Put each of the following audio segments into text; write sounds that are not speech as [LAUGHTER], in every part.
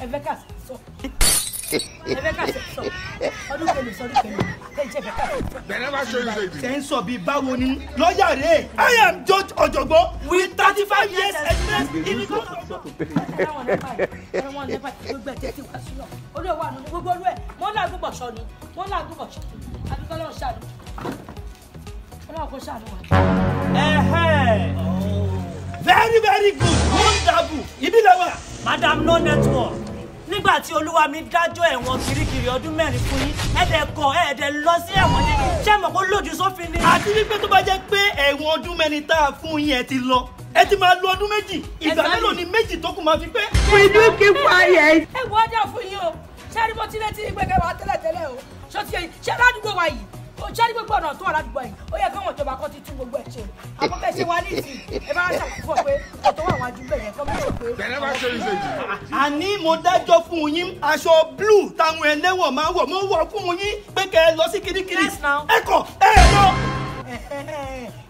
ẹ fẹ́ kà sọ ẹ báwo ni lọ́ọ̀yà rẹ̀ I am George Ọ̀jọ̀gbọ́n with thirty five years experience in the court of law. ẹ̀rọ wọn lẹ́fà gbogbo ẹ̀jẹ̀ ti very very good wonderful ibi lẹ́wà madam no network nígbà tí olúwa mi dájọ́ ẹ̀wọ̀n kirikiri ọdún mẹ́rin fún yín ẹ̀dẹ̀ kọ̀ ẹ̀dẹ̀ lọ sí ẹ̀wọ̀n ní ṣé mọ̀ kó lòdì sófin ni. àti wípé tó bá jẹ́ pé ẹ̀wọ̀n ọdún mẹ́rin tá a fún yín ẹ ti lọ ẹ ti máa lo ọdún méjì ìgbà mélòó ni méjì tó kù máa fi pé. we do keep quiet. ẹ wọ ọjà fún yín o ṣé mo ti létí gbẹgẹ wa tẹ́lẹ̀tẹ́lẹ̀ o ṣé ti ṣe ládùúgbò wa yìí o ṣé ní gbogbo ọ̀nà tó wà ládùúgbò yìí ó yẹ káwọn ìjọba kan ti tún gbogbo ẹ̀ ṣe àkọ́kẹ́ ṣe wá ní ìsìn ẹ bá ń ṣàkóso pé ọ̀tọ̀ wà wájú bẹ́ẹ̀ àní mo dájọ́ fún yín aṣọ blue táwọn ẹlẹ́wọ̀n máa ń wọ̀ mo wọ̀ fún yín pé kẹ́ ẹ lọ sí kirikiri ẹ kọ̀ ẹ lọ.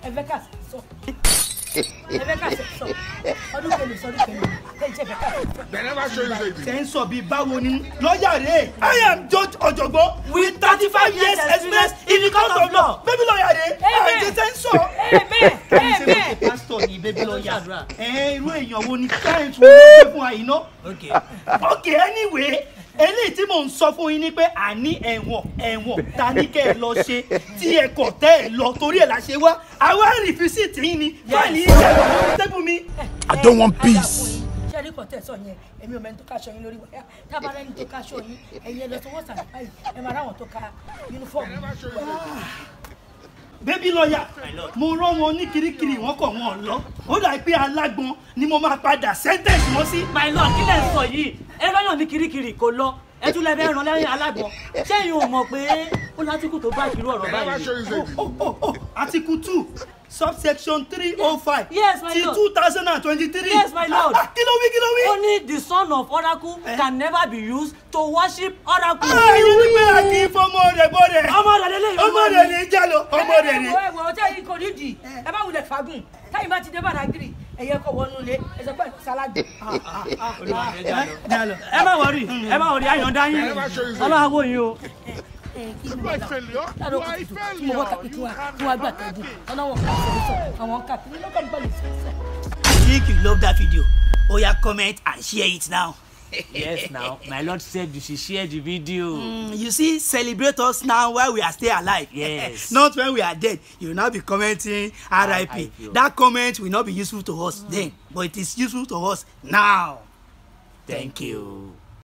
ẹ fẹ́ ká sọ sẹ́ńsọ̀ bíi báwo ni lọ́ọ̀yà rẹ̀ I am judge ọ̀jọ̀gbọ́n with thirty five years experience in the court of law bẹ́ẹ̀ bí lọ́ọ̀yà rẹ̀ àìjẹ́ sẹ́ńsọ̀ pásítọ̀ ni bébí lọ́ọ̀yà ẹ̀ẹ́n irú èèyàn wo ni client wo ló gbé fún àyínná. ok anyway eléyìí tí mò ń sọ fún yín ni pé àní ẹ̀wọ̀n ẹ̀wọ̀n ta ní kẹ́ ẹ lọ ṣe tí ẹ kọ̀ tẹ́ ẹ lọ torí ẹ̀ la ṣe wá àwa rìfísìtì yín ni fáìlì yín ṣẹlẹ̀ lórí tẹ́bù mi. Eh, I don't want eh, peace eh, ṣẹ́rí kọ̀tẹ́ sọ yẹn èmi ò mẹ́ni tó káṣọ yín lórí wáyà tábàárà ẹni tó káṣọ yín ẹ̀yin ẹ̀ lọ ẹ̀ máa ráwọn tó ka yunifọ́ọ̀mù bébí lọ́ọ̀yà mo rán wọn ní kirikiri wọn kọ̀ wọn lọ ó dà pé alágbọn ni mo máa padà sẹ́ńtẹ̀sì wọn sí. my lord kí lẹ ń sọ yìí ẹ lọ́yàn ní kirikiri kò lọ ẹ tún lẹ bẹ ràn lẹ́yìn alágbọn ṣẹ́yìn ò mọ̀ pé ó látìkù tó bá ìṣirò ọ̀rọ̀ báyìí. àtìkù oh, oh, oh, two subsection 305, oh five ti two thousand yes my ah, lord ah, kí ló wí kí ló the son of oracle eh? can never be used to worship oracle. a ah, yìí ni pé a kì í fọmọ rẹ bọ rẹ ọmọ rẹ lélẹyìn ọmọ rẹ ní jalo ọmọ rẹ ní. ẹ wọ ọjọ́ yìí kò ní di ẹ bá wulẹ̀ fagun táyì bá ti dé Badagry ẹyẹ kọ wọnú ilé ẹsẹ pẹ saladi. ẹ má wọrí ẹ má wọrí ayọ̀ yín ọlọ́wọ́ yín o. I think you love that video. Oh, yeah! comment and share it now. [LAUGHS] yes now my lord said you should share the video. Mm, you see celebrate us now while we are still alive. yes [LAUGHS] not when we are dead you will not be commenting rip oh. that comment will not be useful to us mm. then but it is useful to us now. thank you.